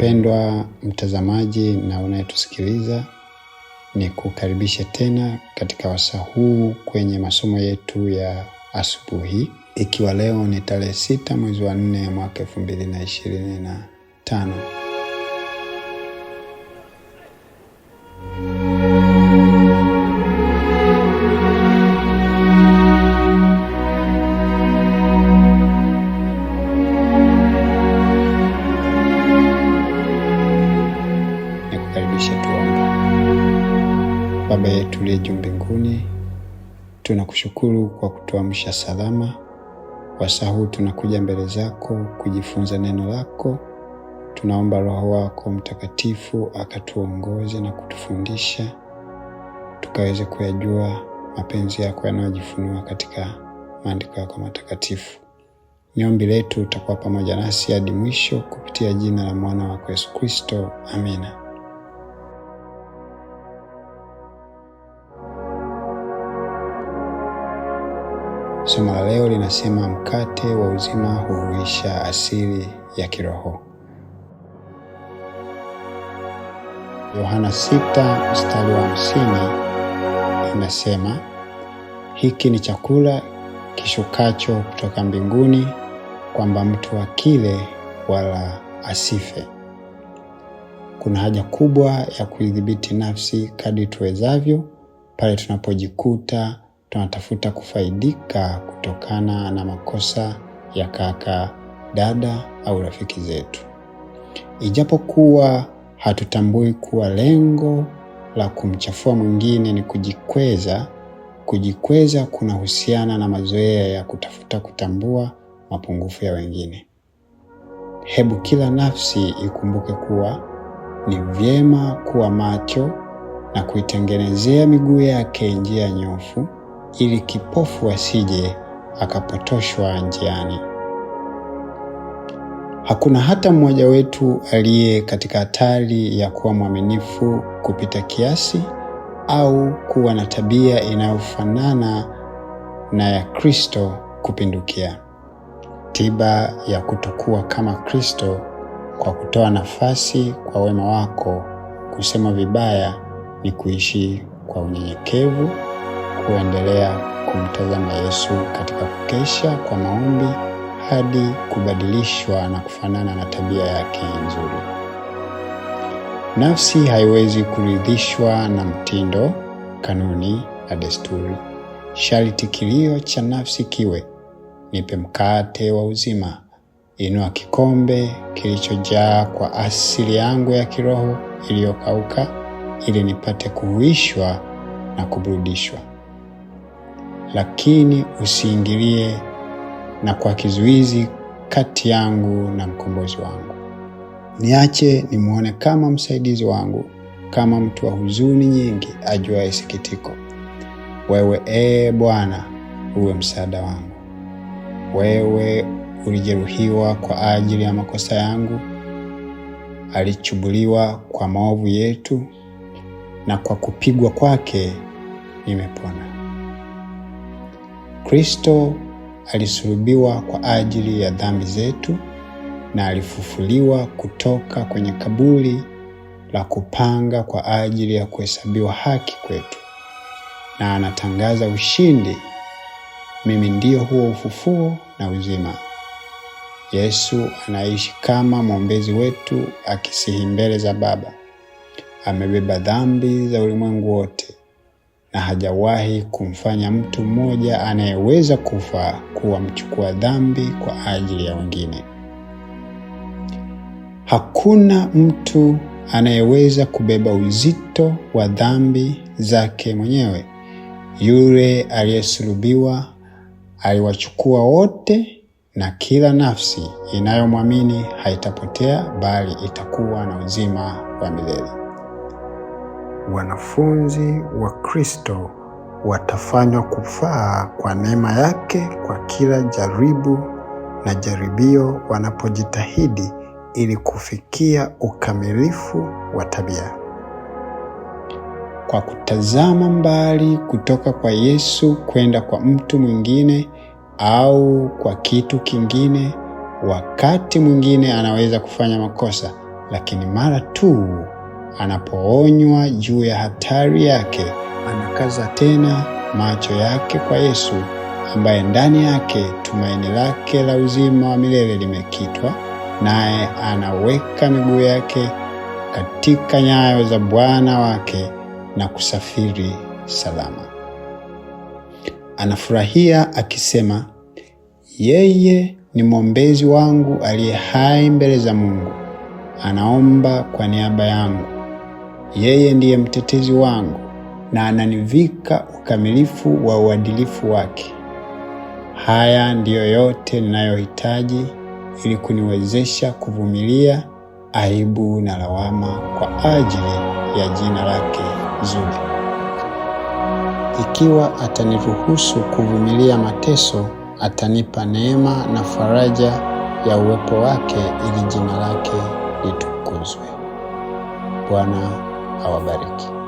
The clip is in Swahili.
Mpendwa mtazamaji na unayetusikiliza, ni kukaribisha tena katika wasaa huu kwenye masomo yetu ya asubuhi, ikiwa leo ni tarehe sita mwezi wa nne mwaka elfu mbili na ishirini na tano. Tukaribishe tuombe. Baba yetu uliye juu mbinguni, tunakushukuru kwa kutuamsha salama. Wasaa huu tunakuja mbele zako kujifunza neno lako. Tunaomba Roho wako Mtakatifu akatuongoze na kutufundisha, tukaweze kuyajua mapenzi yako yanayojifunua katika maandiko yako matakatifu. Ni ombi letu, utakuwa pamoja nasi hadi mwisho kupitia jina la mwana wako Yesu Kristo. Amina. Somo la leo linasema mkate wa uzima huhuisha asili ya kiroho. Yohana 6 mstari wa 50 inasema, hiki ni chakula kishukacho kutoka mbinguni, kwamba mtu akile wala asife. Kuna haja kubwa ya kuidhibiti nafsi kadri tuwezavyo pale tunapojikuta tunatafuta kufaidika kutokana na makosa ya kaka, dada au rafiki zetu, ijapokuwa hatutambui kuwa lengo la kumchafua mwingine ni kujikweza. Kujikweza kunahusiana na mazoea ya kutafuta kutambua mapungufu ya wengine. Hebu kila nafsi ikumbuke kuwa ni vyema kuwa macho na kuitengenezea miguu yake njia nyofu ili kipofu asije akapotoshwa njiani. Hakuna hata mmoja wetu aliye katika hatari ya kuwa mwaminifu kupita kiasi au kuwa na tabia inayofanana na ya Kristo kupindukia. Tiba ya kutokuwa kama Kristo kwa kutoa nafasi kwa wema wako kusema vibaya ni kuishi kwa unyenyekevu kuendelea kumtazama Yesu katika kukesha kwa maombi hadi kubadilishwa na kufanana na tabia yake nzuri. Nafsi haiwezi kuridhishwa na mtindo, kanuni na desturi. Sharti kilio cha nafsi kiwe, nipe mkate wa uzima, inua kikombe kilichojaa kwa asili yangu ya kiroho iliyokauka, ili nipate kuhuishwa na kuburudishwa lakini usiingilie na kwa kizuizi kati yangu na mkombozi wangu. Niache nimwone kama msaidizi wangu, kama mtu wa huzuni nyingi ajuaye sikitiko. Wewe ee Bwana, uwe msaada wangu. Wewe ulijeruhiwa kwa ajili ya makosa yangu, alichubuliwa kwa maovu yetu, na kwa kupigwa kwake nimepona. Kristo alisulubiwa kwa ajili ya dhambi zetu na alifufuliwa kutoka kwenye kaburi la kupanga kwa ajili ya kuhesabiwa haki kwetu, na anatangaza ushindi, mimi ndiyo huo ufufuo na uzima. Yesu anaishi kama mwombezi wetu, akisihi mbele za Baba. Amebeba dhambi za ulimwengu wote na hajawahi kumfanya mtu mmoja anayeweza kufa kuwa mchukua dhambi kwa ajili ya wengine. Hakuna mtu anayeweza kubeba uzito wa dhambi zake mwenyewe. Yule aliyesulubiwa aliwachukua wote, na kila nafsi inayomwamini haitapotea bali itakuwa na uzima wa milele wanafunzi wa Kristo watafanywa kufaa kwa neema yake kwa kila jaribu na jaribio wanapojitahidi ili kufikia ukamilifu wa tabia. Kwa kutazama mbali kutoka kwa Yesu kwenda kwa mtu mwingine au kwa kitu kingine, wakati mwingine anaweza kufanya makosa, lakini mara tu Anapoonywa juu ya hatari yake, anakaza tena macho yake kwa Yesu ambaye ndani yake tumaini lake la uzima wa milele limekitwa, naye anaweka miguu yake katika nyayo za Bwana wake na kusafiri salama. Anafurahia akisema, yeye ni mwombezi wangu aliye hai mbele za Mungu, anaomba kwa niaba yangu. Yeye ndiye mtetezi wangu na ananivika ukamilifu wa uadilifu wake. Haya ndiyo yote ninayohitaji ili kuniwezesha kuvumilia aibu na lawama kwa ajili ya jina lake zuri. Ikiwa ataniruhusu kuvumilia mateso, atanipa neema na faraja ya uwepo wake ili jina lake litukuzwe. Bwana paramedic.